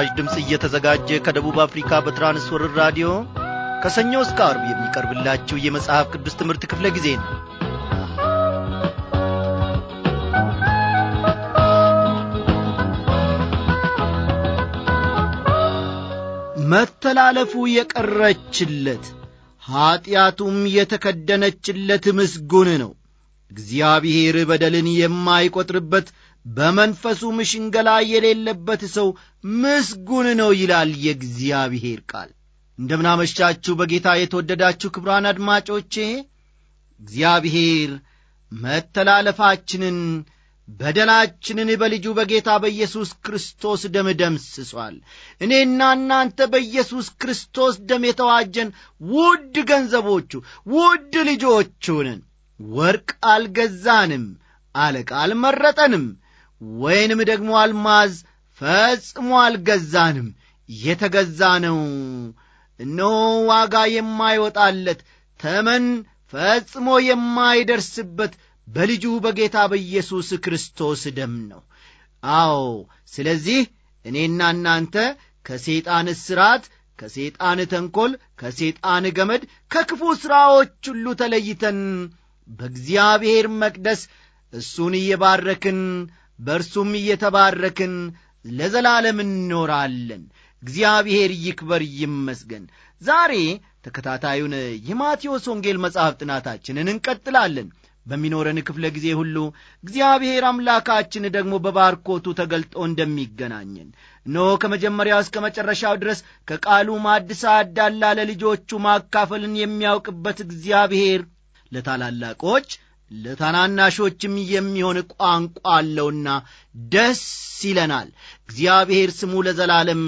ለመስራች ድምፅ እየተዘጋጀ ከደቡብ አፍሪካ በትራንስወርር ራዲዮ ከሰኞ እስከ አርብ የሚቀርብላችሁ የመጽሐፍ ቅዱስ ትምህርት ክፍለ ጊዜ ነው መተላለፉ የቀረችለት ኀጢአቱም የተከደነችለት ምስጉን ነው እግዚአብሔር በደልን የማይቈጥርበት በመንፈሱ ምሽንገላ የሌለበት ሰው ምስጉን ነው ይላል የእግዚአብሔር ቃል። እንደምናመሻችሁ በጌታ የተወደዳችሁ ክብራን አድማጮቼ፣ እግዚአብሔር መተላለፋችንን በደላችንን በልጁ በጌታ በኢየሱስ ክርስቶስ ደም ደምስሷል። እኔና እናንተ በኢየሱስ ክርስቶስ ደም የተዋጀን ውድ ገንዘቦቹ፣ ውድ ልጆቹንን ወርቅ አልገዛንም፣ አለቃ አልመረጠንም፣ ወይንም ደግሞ አልማዝ ፈጽሞ አልገዛንም የተገዛ ነው እነሆ ዋጋ የማይወጣለት ተመን ፈጽሞ የማይደርስበት በልጁ በጌታ በኢየሱስ ክርስቶስ ደም ነው አዎ ስለዚህ እኔና እናንተ ከሰይጣን እስራት ከሰይጣን ተንኰል ከሰይጣን ገመድ ከክፉ ሥራዎች ሁሉ ተለይተን በእግዚአብሔር መቅደስ እሱን እየባረክን በእርሱም እየተባረክን ለዘላለም እንኖራለን። እግዚአብሔር ይክበር ይመስገን። ዛሬ ተከታታዩን የማቴዎስ ወንጌል መጽሐፍ ጥናታችንን እንቀጥላለን። በሚኖረን ክፍለ ጊዜ ሁሉ እግዚአብሔር አምላካችን ደግሞ በባርኮቱ ተገልጦ እንደሚገናኘን እነሆ ከመጀመሪያው እስከ መጨረሻው ድረስ ከቃሉ ማድሳ አዳላ ለልጆቹ ማካፈልን የሚያውቅበት እግዚአብሔር ለታላላቆች ለታናናሾችም የሚሆን ቋንቋ አለውና ደስ ይለናል። እግዚአብሔር ስሙ ለዘላለም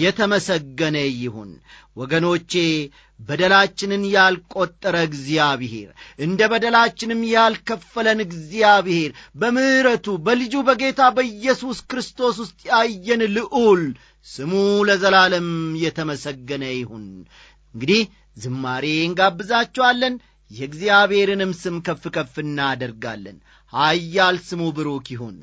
የተመሰገነ ይሁን። ወገኖቼ በደላችንን ያልቈጠረ እግዚአብሔር እንደ በደላችንም ያልከፈለን እግዚአብሔር በምሕረቱ በልጁ በጌታ በኢየሱስ ክርስቶስ ውስጥ ያየን ልዑል ስሙ ለዘላለም የተመሰገነ ይሁን። እንግዲህ ዝማሬ እንጋብዛችኋለን። የእግዚአብሔርንም ስም ከፍ ከፍ እናደርጋለን። ኃያል ስሙ ብሩክ ይሁን።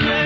Sunday.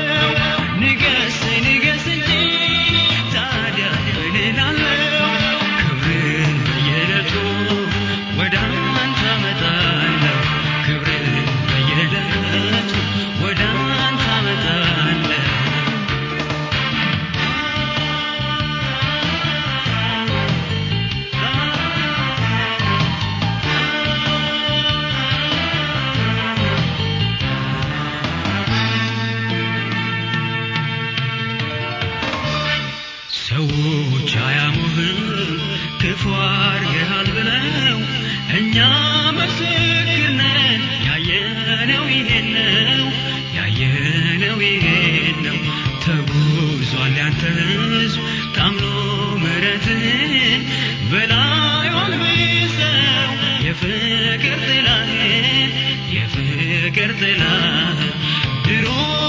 cartelada. Pero...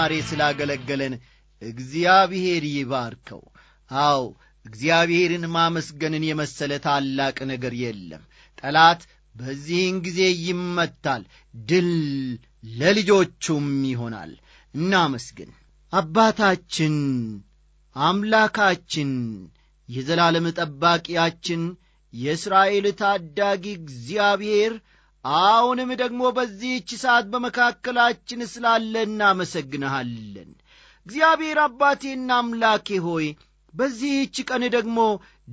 ዝማሬ ስላገለገለን እግዚአብሔር ይባርከው። አዎ እግዚአብሔርን ማመስገንን የመሰለ ታላቅ ነገር የለም። ጠላት በዚህን ጊዜ ይመታል፣ ድል ለልጆቹም ይሆናል። እናመስግን። አባታችን አምላካችን የዘላለም ጠባቂያችን የእስራኤል ታዳጊ እግዚአብሔር አሁንም ደግሞ በዚህች ሰዓት በመካከላችን ስላለ እናመሰግንሃለን። እግዚአብሔር አባቴና አምላኬ ሆይ በዚህች ቀን ደግሞ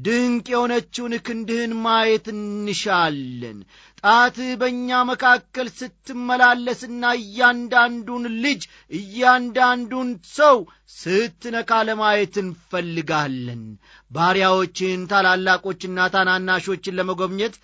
ድንቅ የሆነችውን ክንድህን ማየት እንሻለን። ጣትህ በእኛ መካከል ስትመላለስና እያንዳንዱን ልጅ እያንዳንዱን ሰው ስትነካ ለማየት እንፈልጋለን። ባሪያዎችን ታላላቆችና ታናናሾችን ለመጎብኘት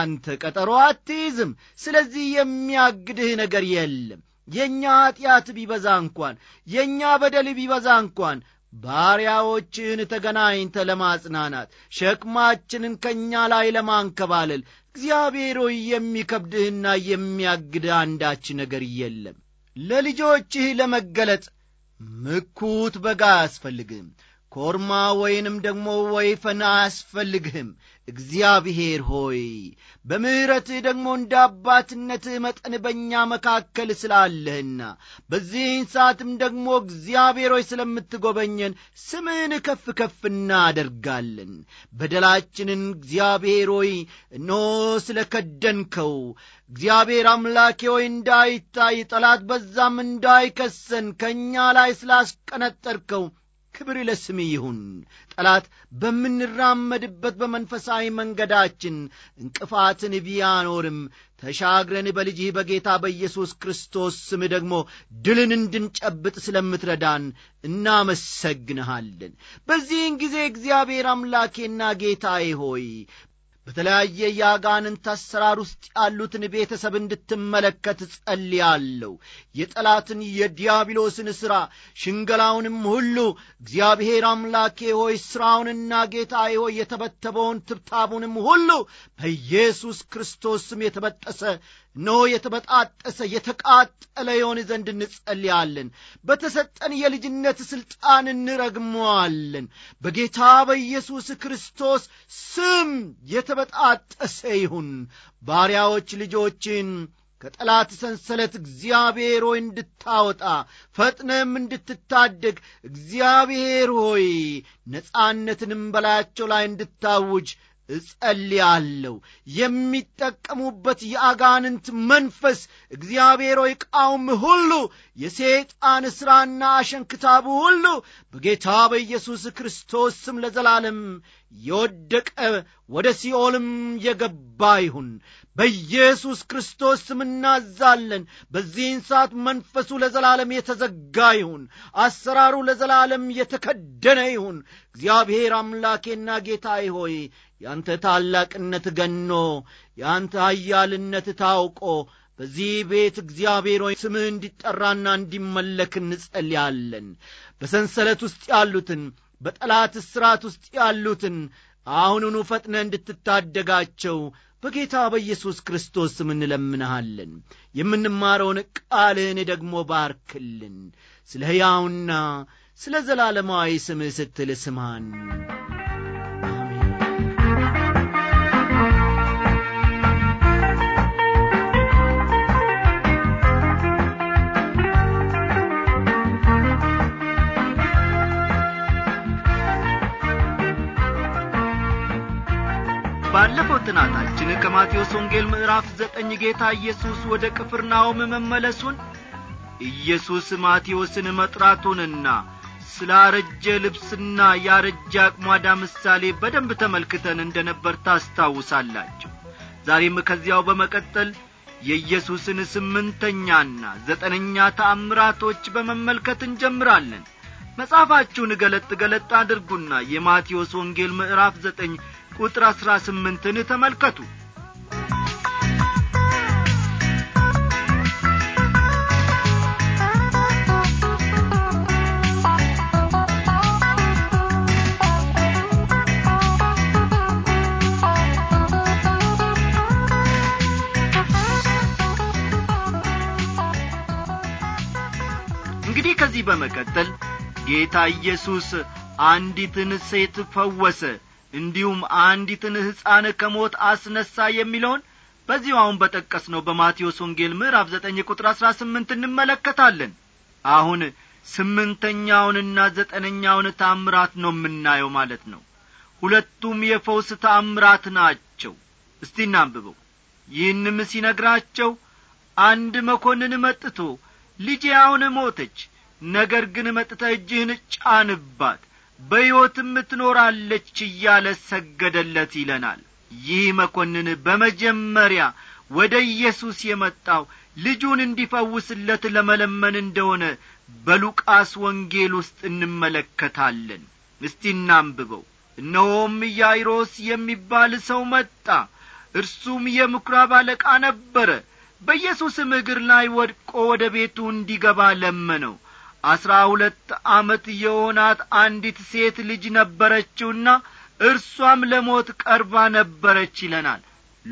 አንተ ቀጠሮ አትይዝም። ስለዚህ የሚያግድህ ነገር የለም። የእኛ ኀጢአት ቢበዛ እንኳን፣ የእኛ በደል ቢበዛ እንኳን ባሪያዎችህን ተገናኝተ ለማጽናናት ሸክማችንን ከእኛ ላይ ለማንከባለል እግዚአብሔር ሆይ የሚከብድህና የሚያግድህ አንዳች ነገር የለም። ለልጆችህ ለመገለጥ ምኩት በጋ አያስፈልግህም። ኮርማ ወይንም ደግሞ ወይፈን አያስፈልግህም። እግዚአብሔር ሆይ በምሕረትህ ደግሞ እንደ አባትነትህ መጠን በእኛ መካከል ስላለህና በዚህን ሰዓትም ደግሞ እግዚአብሔር ሆይ ስለምትጎበኘን ስምህን ከፍ ከፍ እናደርጋለን። በደላችንን እግዚአብሔር ሆይ እነሆ ስለ ከደንከው እግዚአብሔር አምላኬ ሆይ እንዳይታይ ጠላት በዛም እንዳይከሰን ከእኛ ላይ ስላስቀነጠርከው ክብር ለስም ይሁን። ጠላት በምንራመድበት በመንፈሳዊ መንገዳችን እንቅፋትን ቢያኖርም ተሻግረን በልጅህ በጌታ በኢየሱስ ክርስቶስ ስም ደግሞ ድልን እንድንጨብጥ ስለምትረዳን እናመሰግንሃለን። በዚህን ጊዜ እግዚአብሔር አምላኬና ጌታዬ ሆይ በተለያየ የአጋንንት አሰራር ውስጥ ያሉትን ቤተሰብ እንድትመለከት ጸልያለሁ። የጠላትን የዲያብሎስን ሥራ ሽንገላውንም ሁሉ እግዚአብሔር አምላኬ ሆይ ሥራውንና ጌታዬ ሆይ የተበተበውን ትብታቡንም ሁሉ በኢየሱስ ክርስቶስም የተበጠሰ ኖ የተበጣጠሰ የተቃጠለ የሆን ዘንድ እንጸልያለን። በተሰጠን የልጅነት ሥልጣን እንረግመዋለን። በጌታ በኢየሱስ ክርስቶስ ስም የተበጣጠሰ ይሁን። ባሪያዎች ልጆችን ከጠላት ሰንሰለት እግዚአብሔር ሆይ እንድታወጣ ፈጥነም እንድትታደግ እግዚአብሔር ሆይ ነጻነትንም በላያቸው ላይ እንድታውጅ እጸልያለሁ። የሚጠቀሙበት የአጋንንት መንፈስ እግዚአብሔር ሆይ ቃውም ሁሉ የሴጣን ሥራና አሸንክታቡ ሁሉ በጌታ በኢየሱስ ክርስቶስ ስም ለዘላለም የወደቀ ወደ ሲኦልም የገባ ይሁን። በኢየሱስ ክርስቶስ ስም እናዛለን። በዚህን ሰዓት መንፈሱ ለዘላለም የተዘጋ ይሁን፣ አሰራሩ ለዘላለም የተከደነ ይሁን። እግዚአብሔር አምላኬና ጌታ ሆይ ያንተ ታላቅነት ገኖ ያንተ አያልነት ታውቆ በዚህ ቤት እግዚአብሔር ሆይ ስምህ እንዲጠራና እንዲመለክ እንጸልያለን። በሰንሰለት ውስጥ ያሉትን በጠላት እስራት ውስጥ ያሉትን አሁኑኑ ፈጥነ እንድትታደጋቸው በጌታ በኢየሱስ ክርስቶስ ስም እንለምንሃለን። የምንማረውን ቃልህን ደግሞ ባርክልን። ስለ ሕያውና ስለ ዘላለማዊ ስምህ ስትል ስማን። ከማቴዎስ ወንጌል ምዕራፍ ዘጠኝ ጌታ ኢየሱስ ወደ ቅፍርናውም መመለሱን ኢየሱስ ማቴዎስን መጥራቱንና ስላረጀ ልብስና ያረጀ አቅሟዳ ምሳሌ በደንብ ተመልክተን እንደ ነበር ታስታውሳላችሁ ዛሬም ከዚያው በመቀጠል የኢየሱስን ስምንተኛና ዘጠነኛ ተአምራቶች በመመልከት እንጀምራለን መጻፋችሁን ገለጥ ገለጥ አድርጉና የማቴዎስ ወንጌል ምዕራፍ ዘጠኝ ቁጥር አሥራ ስምንትን ተመልከቱ በመቀጠል ጌታ ኢየሱስ አንዲትን ሴት ፈወሰ እንዲሁም አንዲትን ሕፃን ከሞት አስነሣ የሚለውን በዚሁ አሁን በጠቀስ ነው በማቴዎስ ወንጌል ምዕራፍ ዘጠኝ ቁጥር አሥራ ስምንት እንመለከታለን አሁን ስምንተኛውንና ዘጠነኛውን ታምራት ነው የምናየው ማለት ነው ሁለቱም የፈውስ ታምራት ናቸው እስቲ እናንብበው ይህንም ሲነግራቸው አንድ መኮንን መጥቶ ልጄ አሁን ሞተች ነገር ግን መጥተህ እጅህን ጫንባት በሕይወትም ትኖራለች እያለ ሰገደለት ይለናል ይህ መኮንን በመጀመሪያ ወደ ኢየሱስ የመጣው ልጁን እንዲፈውስለት ለመለመን እንደሆነ በሉቃስ ወንጌል ውስጥ እንመለከታለን እስቲ እናንብበው እነሆም ኢያይሮስ የሚባል ሰው መጣ እርሱም የምኵራብ አለቃ ነበረ በኢየሱስም እግር ላይ ወድቆ ወደ ቤቱ እንዲገባ ለመነው አሥራ ሁለት ዓመት የሆናት አንዲት ሴት ልጅ ነበረችውና እርሷም ለሞት ቀርባ ነበረች ይለናል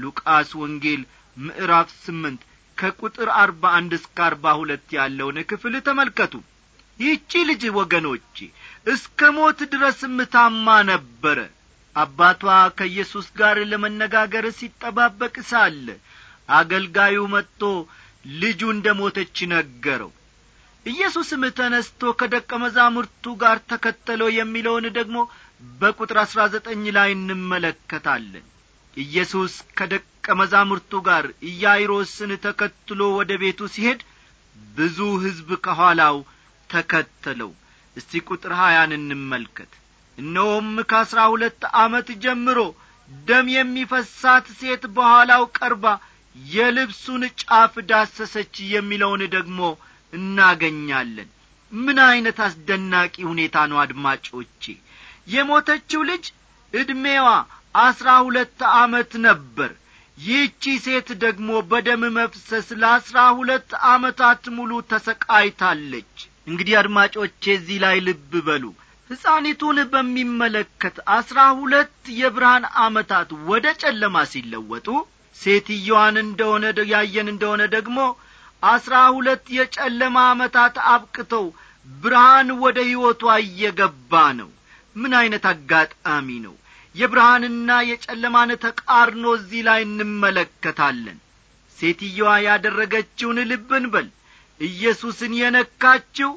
ሉቃስ ወንጌል ምዕራፍ ስምንት ከቁጥር አርባ አንድ እስከ አርባ ሁለት ያለውን ክፍል ተመልከቱ ይቺ ልጅ ወገኖቼ እስከ ሞት ድረስ ምታማ ነበረ አባቷ ከኢየሱስ ጋር ለመነጋገር ሲጠባበቅ ሳለ አገልጋዩ መጥቶ ልጁ እንደ ሞተች ነገረው ኢየሱስም ተነስቶ ከደቀ መዛሙርቱ ጋር ተከተለው የሚለውን ደግሞ በቁጥር አሥራ ዘጠኝ ላይ እንመለከታለን ኢየሱስ ከደቀ መዛሙርቱ ጋር ኢያይሮስን ተከትሎ ወደ ቤቱ ሲሄድ ብዙ ሕዝብ ከኋላው ተከተለው እስቲ ቁጥር ሀያን እንመልከት እነሆም ከአሥራ ሁለት ዓመት ጀምሮ ደም የሚፈሳት ሴት በኋላው ቀርባ የልብሱን ጫፍ ዳሰሰች የሚለውን ደግሞ እናገኛለን ምን ዐይነት አስደናቂ ሁኔታ ነው አድማጮቼ የሞተችው ልጅ ዕድሜዋ አሥራ ሁለት ዓመት ነበር ይህቺ ሴት ደግሞ በደም መፍሰስ ለአሥራ ሁለት ዓመታት ሙሉ ተሰቃይታለች እንግዲህ አድማጮቼ እዚህ ላይ ልብ በሉ ሕፃኒቱን በሚመለከት አስራ ሁለት የብርሃን ዓመታት ወደ ጨለማ ሲለወጡ ሴትየዋን እንደሆነ ያየን እንደሆነ ደግሞ አስራ ሁለት የጨለማ ዓመታት አብቅተው ብርሃን ወደ ሕይወቷ እየገባ ነው ምን ዐይነት አጋጣሚ ነው የብርሃንና የጨለማን ተቃርኖ እዚህ ላይ እንመለከታለን ሴትየዋ ያደረገችውን ልብን በል ኢየሱስን የነካችው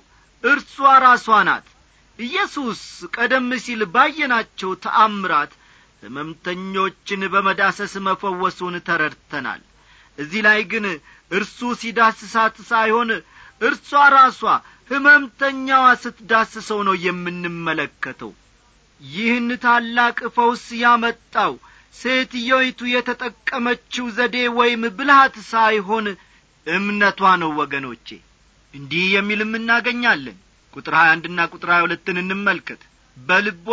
እርሷ ራሷ ናት ኢየሱስ ቀደም ሲል ባየናቸው ተአምራት ሕመምተኞችን በመዳሰስ መፈወሱን ተረድተናል እዚህ ላይ ግን እርሱ ሲዳስሳት ሳይሆን እርሷ ራሷ ሕመምተኛዋ ስትዳስሰው ነው የምንመለከተው ይህን ታላቅ ፈውስ ያመጣው ሴትዮይቱ የተጠቀመችው ዘዴ ወይም ብልሃት ሳይሆን እምነቷ ነው ወገኖቼ እንዲህ የሚልም እናገኛለን ቁጥር ሀያ አንድና ቁጥር ሀያ ሁለትን እንመልከት በልቧ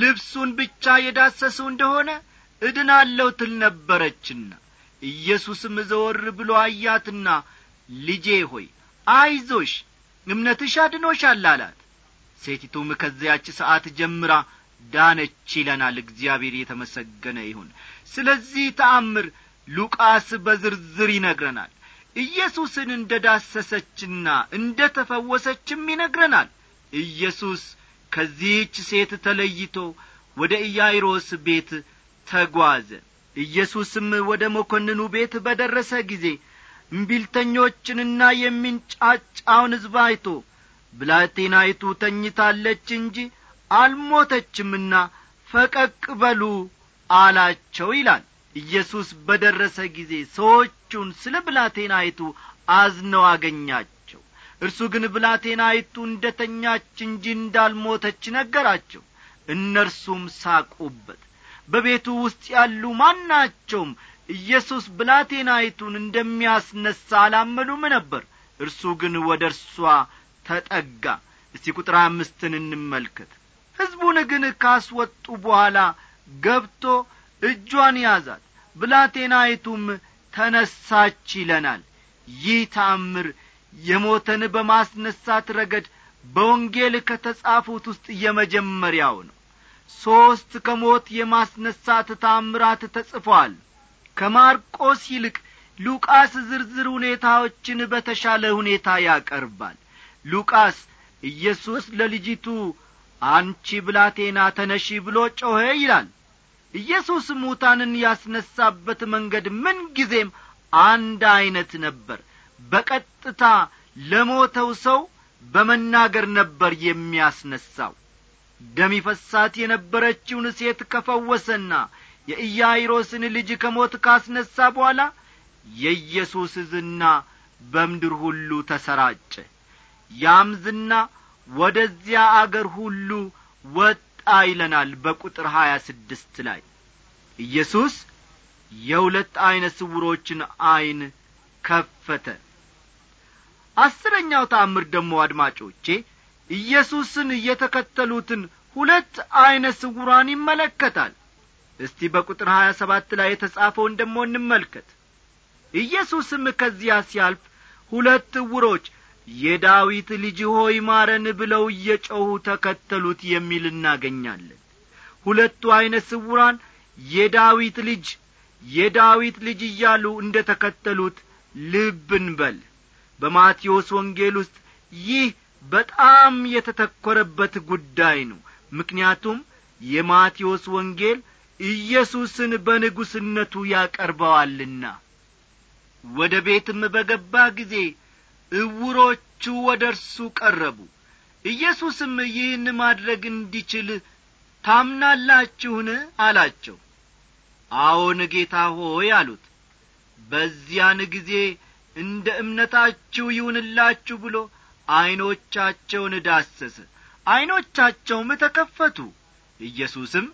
ልብሱን ብቻ የዳሰሰው እንደሆነ እድናለው ትል ነበረችና ኢየሱስም ዘወር ብሎ አያትና ልጄ ሆይ አይዞሽ እምነትሽ አድኖሻል አላት ሴቲቱም ከዚያች ሰዓት ጀምራ ዳነች ይለናል እግዚአብሔር የተመሰገነ ይሁን ስለዚህ ተአምር ሉቃስ በዝርዝር ይነግረናል ኢየሱስን እንደ ዳሰሰችና እንደ ተፈወሰችም ይነግረናል ኢየሱስ ከዚህች ሴት ተለይቶ ወደ ኢያይሮስ ቤት ተጓዘ ኢየሱስም ወደ መኮንኑ ቤት በደረሰ ጊዜ እምቢልተኞችንና የሚንጫጫውን ሕዝብ አይቶ ብላቴናይቱ ተኝታለች እንጂ አልሞተችምና ፈቀቅ በሉ አላቸው ይላል ኢየሱስ በደረሰ ጊዜ ሰዎቹን ስለ ብላቴናይቱ አዝነው አገኛቸው እርሱ ግን ብላቴናይቱ እንደ ተኛች እንጂ እንዳልሞተች ነገራቸው እነርሱም ሳቁበት በቤቱ ውስጥ ያሉ ማናቸውም ኢየሱስ ብላቴናይቱን እንደሚያስነሣ አላመኑም ነበር እርሱ ግን ወደ እርሷ ተጠጋ እስቲ ቁጥር አምስትን እንመልከት ሕዝቡን ግን ካስወጡ በኋላ ገብቶ እጇን ያዛት ብላቴናይቱም ተነሳች ይለናል ይህ ታምር የሞተን በማስነሳት ረገድ በወንጌል ከተጻፉት ውስጥ የመጀመሪያው ነው ሦስት ከሞት የማስነሳት ታምራት ተጽፏል ከማርቆስ ይልቅ ሉቃስ ዝርዝር ሁኔታዎችን በተሻለ ሁኔታ ያቀርባል ሉቃስ ኢየሱስ ለልጅቱ አንቺ ብላቴና ተነሺ ብሎ ጮኸ ይላል ኢየሱስ ሙታንን ያስነሳበት መንገድ ምንጊዜም አንድ ዐይነት ነበር በቀጥታ ለሞተው ሰው በመናገር ነበር የሚያስነሳው። ደም ይፈሳት የነበረችውን ሴት ከፈወሰና የኢያይሮስን ልጅ ከሞት ካስነሣ በኋላ የኢየሱስ ዝና በምድር ሁሉ ተሰራጨ ያም ዝና ወደዚያ አገር ሁሉ ወጣ ይለናል በቁጥር ሀያ ስድስት ላይ ኢየሱስ የሁለት ዐይነ ስውሮችን ዐይን ከፈተ አስረኛው ተአምር ደግሞ አድማጮቼ ኢየሱስን እየተከተሉትን ሁለት ዐይነ ስውራን ይመለከታል እስቲ በቁጥር ሀያ ሰባት ላይ የተጻፈውን ደሞ እንመልከት ኢየሱስም ከዚያ ሲያልፍ ሁለት ዕውሮች የዳዊት ልጅ ሆይ ማረን ብለው እየጮኹ ተከተሉት የሚል እናገኛለን ሁለቱ ዐይነ ስውራን የዳዊት ልጅ የዳዊት ልጅ እያሉ እንደ ተከተሉት ልብን በል በማቴዎስ ወንጌል ውስጥ ይህ በጣም የተተኰረበት ጉዳይ ነው ምክንያቱም የማቴዎስ ወንጌል ኢየሱስን በንጉሥነቱ ያቀርበዋልና ወደ ቤትም በገባ ጊዜ እውሮቹ ወደ እርሱ ቀረቡ ኢየሱስም ይህን ማድረግ እንዲችል ታምናላችሁን አላቸው አዎን ጌታ ሆይ አሉት በዚያን ጊዜ እንደ እምነታችሁ ይሁንላችሁ ብሎ ዐይኖቻቸውን ዳሰሰ ዐይኖቻቸውም ተከፈቱ ኢየሱስም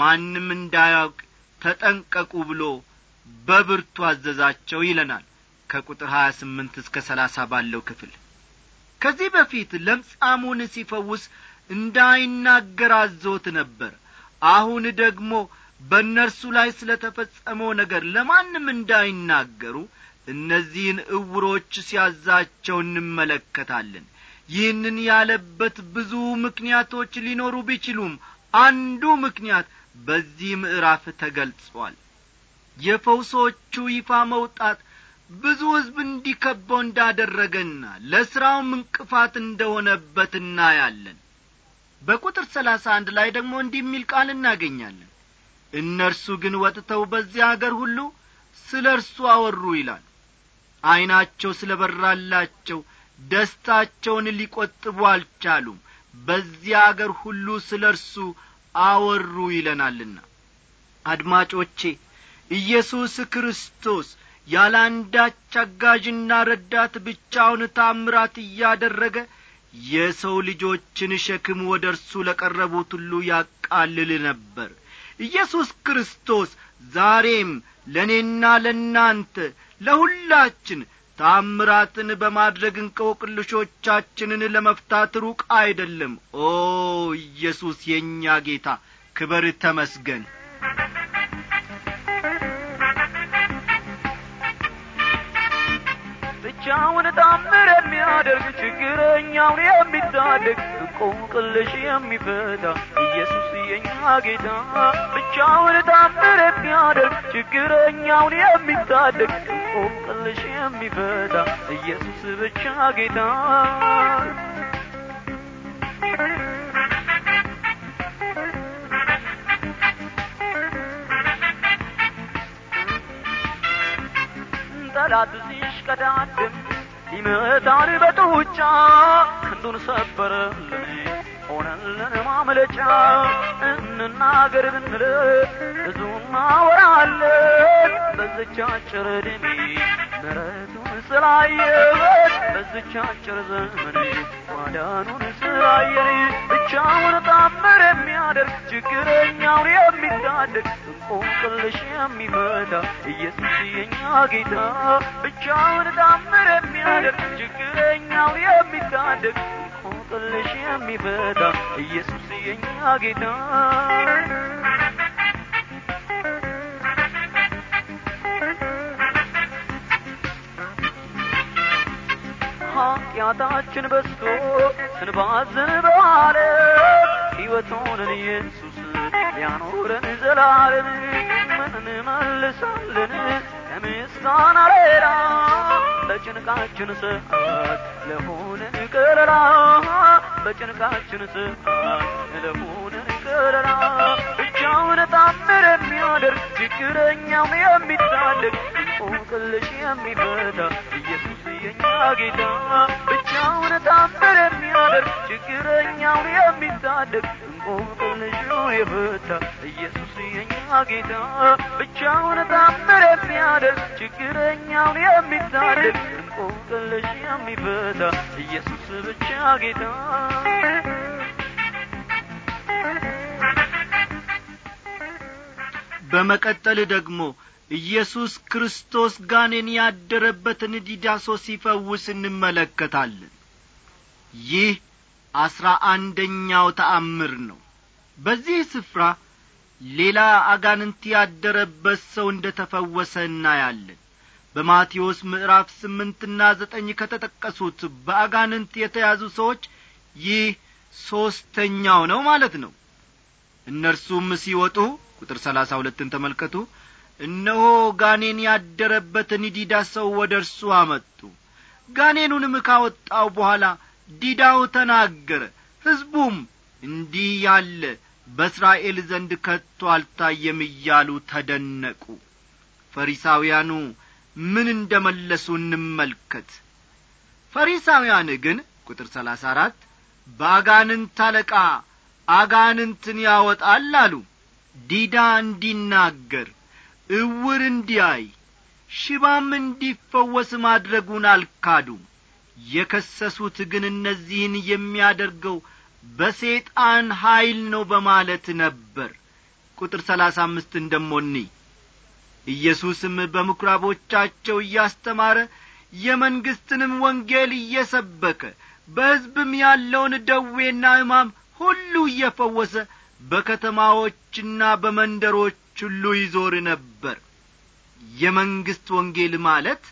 ማንም እንዳያውቅ ተጠንቀቁ ብሎ በብርቱ አዘዛቸው ይለናል ከቁጥር 28 እስከ 30 ባለው ክፍል ከዚህ በፊት ለምጻሙን ሲፈውስ እንዳይናገር አዞት ነበር አሁን ደግሞ በእነርሱ ላይ ስለ ተፈጸመው ነገር ለማንም እንዳይናገሩ እነዚህን እውሮች ሲያዛቸው እንመለከታለን ይህንን ያለበት ብዙ ምክንያቶች ሊኖሩ ቢችሉም አንዱ ምክንያት በዚህ ምዕራፍ ተገልጿል የፈውሶቹ ይፋ መውጣት ብዙ ሕዝብ እንዲከበው እንዳደረገና ለሥራውም እንቅፋት እንደሆነበት እናያለን በቁጥር ሰላሳ አንድ ላይ ደግሞ እንዲህ የሚል ቃል እናገኛለን እነርሱ ግን ወጥተው በዚያ አገር ሁሉ ስለ እርሱ አወሩ ይላል ዐይናቸው ስለ በራላቸው ደስታቸውን ሊቈጥቡ አልቻሉም በዚያ አገር ሁሉ ስለ እርሱ አወሩ ይለናልና አድማጮቼ ኢየሱስ ክርስቶስ ያለ አንዳች አጋዥና ረዳት ብቻውን ታምራት እያደረገ የሰው ልጆችን ሸክም ወደ እርሱ ለቀረቡት ሁሉ ያቃልል ነበር ኢየሱስ ክርስቶስ ዛሬም ለእኔና ለእናንተ ለሁላችን ታምራትን በማድረግ እንቆቅልሾቻችንን ለመፍታት ሩቅ አይደለም ኦ ኢየሱስ የእኛ ጌታ ክበር ተመስገን ብቻውን ታምር የሚያደርግ ችግረኛውን የሚታደግ እንቆቅልሽ የሚፈታ ኢየሱስ የኛ ጌታ ብቻውን ታምር የሚያደርግ ችግረኛውን የሚታደግ እንቆቅልሽ የሚፈታ ኢየሱስ ብቻ ጌታ ጠላት ሲሽቀዳድም ሊመጣን በጡጫ ክንዱን ሰበረልን ሆነልን ማምለጫ እንናገር ብንል ብዙ ማወራለን በዝቻ በዝች አጭር ዘመን ማዳኑን ስላየን ብቻውን ታምር የሚያደርግ ችግረኛውን የሚታደግ እንቆቅልሽ የሚመታ ኢየሱስ የኛ ጌታ ብቻውን ታምር የሚያደርግ ችግረኛውን የሚታደግ እንቆቅልሽ የሚመታ ኢየሱስ የኛ ጌታ ኃጢአታችን በስቶ ስንባዝን በዓለም ሕይወቱንን ኢየሱስ ሊያኖረን ዘላለም እንመልሳለን ከምስጋና ሌላ በጭንቃችን ሰዓት ለሆነን ከለላ በጭንቃችን ሰዓት ለሆነን ከለላ ብቻውን ታምር የሚያደርግ ችግረኛም የሚታደግ ቆቅልሽ የሚፈታ ኢየሱስ የኛ ጌታ ብቻውን ታፈር የሚያደር ችግረኛው የሚታደግ እንቆቅልሹ የፈታ ኢየሱስ የኛ ጌታ ብቻውን ታፈር የሚያደር ችግረኛውን የሚታደግ እንቆቅልሽ የሚፈታ ኢየሱስ ብቻ ጌታ በመቀጠል ደግሞ ኢየሱስ ክርስቶስ ጋኔን ያደረበትን ዲዳሶ ሲፈውስ እንመለከታለን ይህ አስራ አንደኛው ተአምር ነው በዚህ ስፍራ ሌላ አጋንንት ያደረበት ሰው እንደ ተፈወሰ እናያለን በማቴዎስ ምዕራፍ ስምንትና ዘጠኝ ከተጠቀሱት በአጋንንት የተያዙ ሰዎች ይህ ሦስተኛው ነው ማለት ነው እነርሱም ሲወጡ ቁጥር ሰላሳ ሁለትን ተመልከቱ እነሆ ጋኔን ያደረበትን ዲዳ ሰው ወደ እርሱ አመጡ ጋኔኑንም ካወጣው በኋላ ዲዳው ተናገረ ሕዝቡም እንዲህ ያለ በእስራኤል ዘንድ ከቶ አልታየም እያሉ ተደነቁ ፈሪሳውያኑ ምን እንደ መለሱ እንመልከት ፈሪሳውያን ግን ቁጥር ሰላሳ አራት በአጋንንት አለቃ አጋንንትን ያወጣል አሉ ዲዳ እንዲናገር እውር እንዲያይ ሽባም እንዲፈወስ ማድረጉን አልካዱም የከሰሱት ግን እነዚህን የሚያደርገው በሰይጣን ኀይል ነው በማለት ነበር ቁጥር ሰላሳ አምስት እንደሞኒ ኢየሱስም በምኵራቦቻቸው እያስተማረ የመንግሥትንም ወንጌል እየሰበከ በሕዝብም ያለውን ደዌና ሕማም ሁሉ እየፈወሰ በከተማዎችና በመንደሮች ሁሉ ይዞር ነበር የመንግሥት ወንጌል ማለት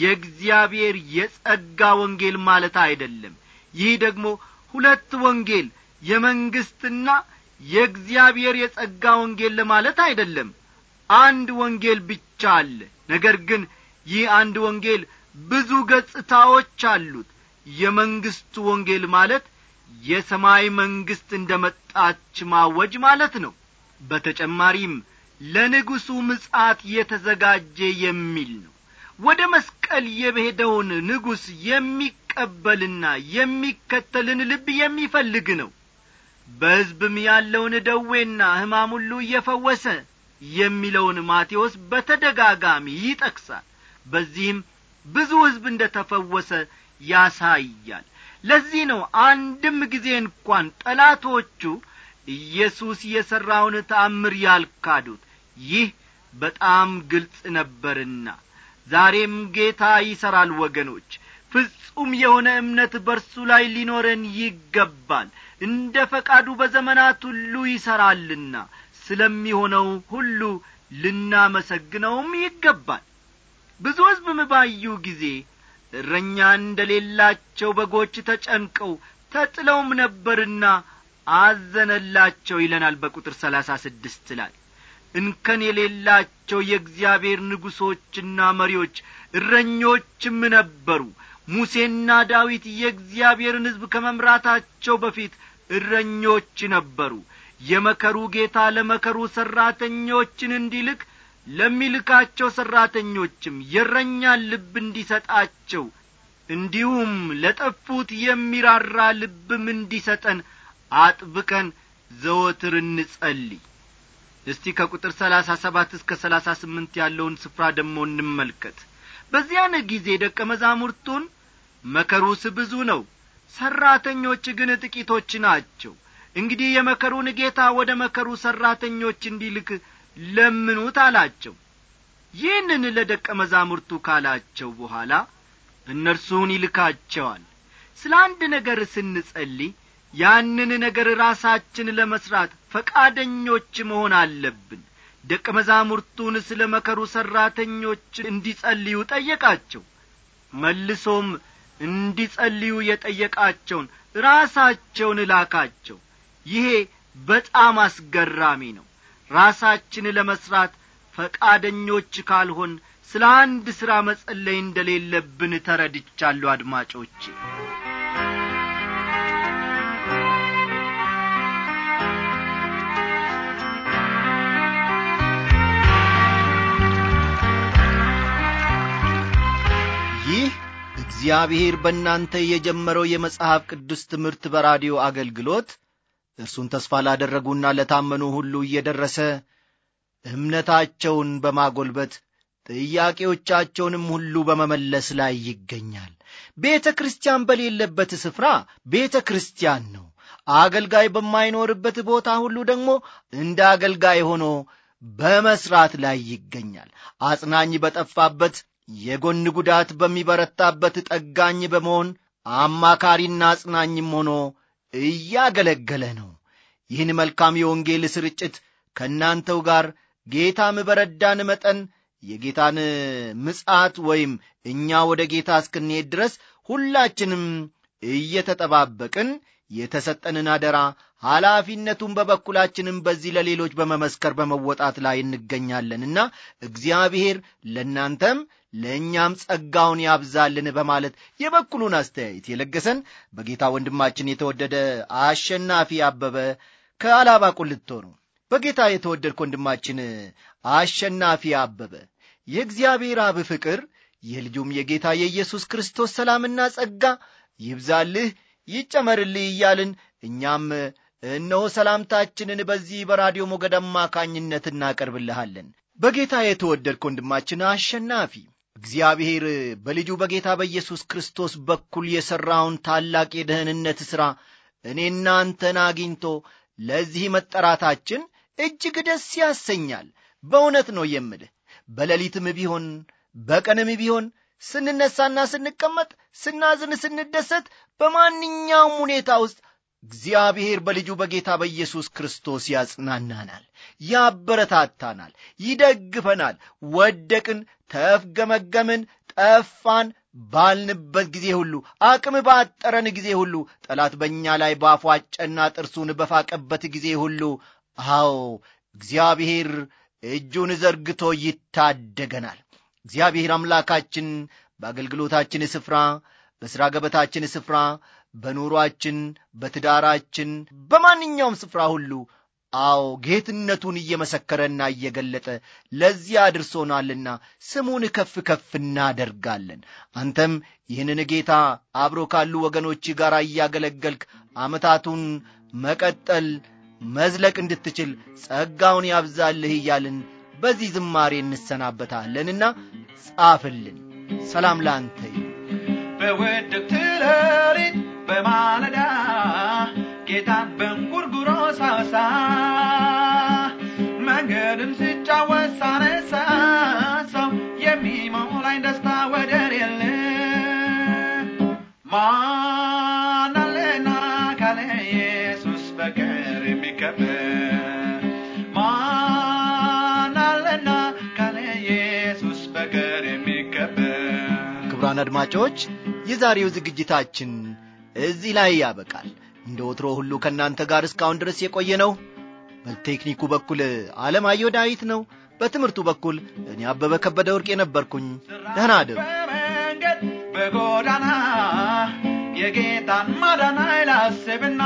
የእግዚአብሔር የጸጋ ወንጌል ማለት አይደለም ይህ ደግሞ ሁለት ወንጌል የመንግሥትና የእግዚአብሔር የጸጋ ወንጌል ለማለት አይደለም አንድ ወንጌል ብቻ አለ ነገር ግን ይህ አንድ ወንጌል ብዙ ገጽታዎች አሉት የመንግሥቱ ወንጌል ማለት የሰማይ መንግሥት እንደ መጣች ማወጅ ማለት ነው በተጨማሪም ለንጉሡ ምጻት የተዘጋጀ የሚል ነው ወደ መስቀል የሄደውን ንጉሥ የሚቀበልና የሚከተልን ልብ የሚፈልግ ነው በሕዝብም ያለውን ደዌና ሕማም ሁሉ እየፈወሰ የሚለውን ማቴዎስ በተደጋጋሚ ይጠቅሳል በዚህም ብዙ ሕዝብ እንደ ተፈወሰ ያሳያል ለዚህ ነው አንድም ጊዜ እንኳን ጠላቶቹ ኢየሱስ የሠራውን ተአምር ያልካዱት ይህ በጣም ግልጽ ነበርና ዛሬም ጌታ ይሠራል ወገኖች ፍጹም የሆነ እምነት በርሱ ላይ ሊኖረን ይገባል እንደ ፈቃዱ በዘመናት ሁሉ ይሠራልና ስለሚሆነው ሁሉ ልናመሰግነውም ይገባል ብዙ ሕዝብም ባዩ ጊዜ እረኛ እንደሌላቸው በጎች ተጨንቀው ተጥለውም ነበርና አዘነላቸው ይለናል በቁጥር ሰላሳ ስድስት ላይ እንከን የሌላቸው የእግዚአብሔር ንጉሶችና መሪዎች እረኞችም ነበሩ ሙሴና ዳዊት የእግዚአብሔርን ሕዝብ ከመምራታቸው በፊት እረኞች ነበሩ የመከሩ ጌታ ለመከሩ ሠራተኞችን እንዲልክ ለሚልካቸው ሠራተኞችም የእረኛን ልብ እንዲሰጣቸው እንዲሁም ለጠፉት የሚራራ ልብም እንዲሰጠን አጥብቀን ዘወትር እንጸልይ እስቲ ከቁጥር ሰላሳ ሰባት እስከ ሰላሳ ስምንት ያለውን ስፍራ ደግሞ እንመልከት በዚያን ጊዜ ደቀ መዛሙርቱን መከሩስ ብዙ ነው ሠራተኞች ግን ጥቂቶች ናቸው እንግዲህ የመከሩን ጌታ ወደ መከሩ ሠራተኞች እንዲልክ ለምኑት አላቸው ይህንን ለደቀ መዛሙርቱ ካላቸው በኋላ እነርሱን ይልካቸዋል ስለ አንድ ነገር ስንጸልይ ያንን ነገር ራሳችን ለመሥራት ፈቃደኞች መሆን አለብን ደቀ መዛሙርቱን ስለ መከሩ ሠራተኞች እንዲጸልዩ ጠየቃቸው መልሶም እንዲጸልዩ የጠየቃቸውን ራሳቸውን ላካቸው ይሄ በጣም አስገራሚ ነው ራሳችን ለመሥራት ፈቃደኞች ካልሆን ስለ አንድ ሥራ መጸለይ እንደሌለብን ተረድቻለሁ አድማጮቼ እግዚአብሔር በእናንተ የጀመረው የመጽሐፍ ቅዱስ ትምህርት በራዲዮ አገልግሎት እርሱን ተስፋ ላደረጉና ለታመኑ ሁሉ እየደረሰ እምነታቸውን በማጎልበት ጥያቄዎቻቸውንም ሁሉ በመመለስ ላይ ይገኛል። ቤተ ክርስቲያን በሌለበት ስፍራ ቤተ ክርስቲያን ነው። አገልጋይ በማይኖርበት ቦታ ሁሉ ደግሞ እንደ አገልጋይ ሆኖ በመስራት ላይ ይገኛል። አጽናኝ በጠፋበት የጎን ጉዳት በሚበረታበት ጠጋኝ በመሆን አማካሪና አጽናኝም ሆኖ እያገለገለ ነው። ይህን መልካም የወንጌል ስርጭት ከእናንተው ጋር ጌታም በረዳን መጠን የጌታን ምጽአት ወይም እኛ ወደ ጌታ እስክንሄድ ድረስ ሁላችንም እየተጠባበቅን የተሰጠንን አደራ ኃላፊነቱን በበኩላችንም በዚህ ለሌሎች በመመስከር በመወጣት ላይ እንገኛለንና እግዚአብሔር ለእናንተም ለእኛም ጸጋውን ያብዛልን በማለት የበኩሉን አስተያየት የለገሰን በጌታ ወንድማችን የተወደደ አሸናፊ አበበ ከአላባ ቁልቶ ነው። በጌታ የተወደድክ ወንድማችን አሸናፊ አበበ የእግዚአብሔር አብ ፍቅር የልጁም የጌታ የኢየሱስ ክርስቶስ ሰላምና ጸጋ ይብዛልህ ይጨመርልህ እያልን እኛም እነሆ ሰላምታችንን በዚህ በራዲዮ ሞገድ አማካኝነት እናቀርብልሃለን። በጌታ የተወደድክ ወንድማችን አሸናፊ እግዚአብሔር በልጁ በጌታ በኢየሱስ ክርስቶስ በኩል የሠራውን ታላቅ የደህንነት ሥራ እኔና አንተን አግኝቶ ለዚህ መጠራታችን እጅግ ደስ ያሰኛል። በእውነት ነው የምልህ። በሌሊትም ቢሆን በቀንም ቢሆን ስንነሳና ስንቀመጥ፣ ስናዝን፣ ስንደሰት፣ በማንኛውም ሁኔታ ውስጥ እግዚአብሔር በልጁ በጌታ በኢየሱስ ክርስቶስ ያጽናናናል፣ ያበረታታናል፣ ይደግፈናል። ወደቅን፣ ተፍገመገምን፣ ጠፋን ባልንበት ጊዜ ሁሉ አቅም ባጠረን ጊዜ ሁሉ ጠላት በእኛ ላይ ባፏጨና ጥርሱን በፋቀበት ጊዜ ሁሉ አዎ እግዚአብሔር እጁን ዘርግቶ ይታደገናል። እግዚአብሔር አምላካችን በአገልግሎታችን ስፍራ፣ በሥራ ገበታችን ስፍራ፣ በኑሯችን፣ በትዳራችን፣ በማንኛውም ስፍራ ሁሉ አዎ ጌትነቱን እየመሰከረና እየገለጠ ለዚያ አድርሶናልና ስሙን ከፍ ከፍ እናደርጋለን። አንተም ይህንን ጌታ አብሮ ካሉ ወገኖች ጋር እያገለገልክ ዓመታቱን መቀጠል መዝለቅ እንድትችል ጸጋውን ያብዛልህ እያልን በዚህ ዝማሬ እንሰናበታለንና ጻፍልን። ሰላም ላንተ በማለ አድማጮች የዛሬው ዝግጅታችን እዚህ ላይ ያበቃል እንደ ወትሮ ሁሉ ከእናንተ ጋር እስካሁን ድረስ የቆየ ነው በቴክኒኩ በኩል አለማየሁ ዳዊት ነው በትምህርቱ በኩል እኔ አበበ ከበደ ወርቅ የነበርኩኝ ደህና አደሩ በጎዳና የጌታን ማዳና ይላስብና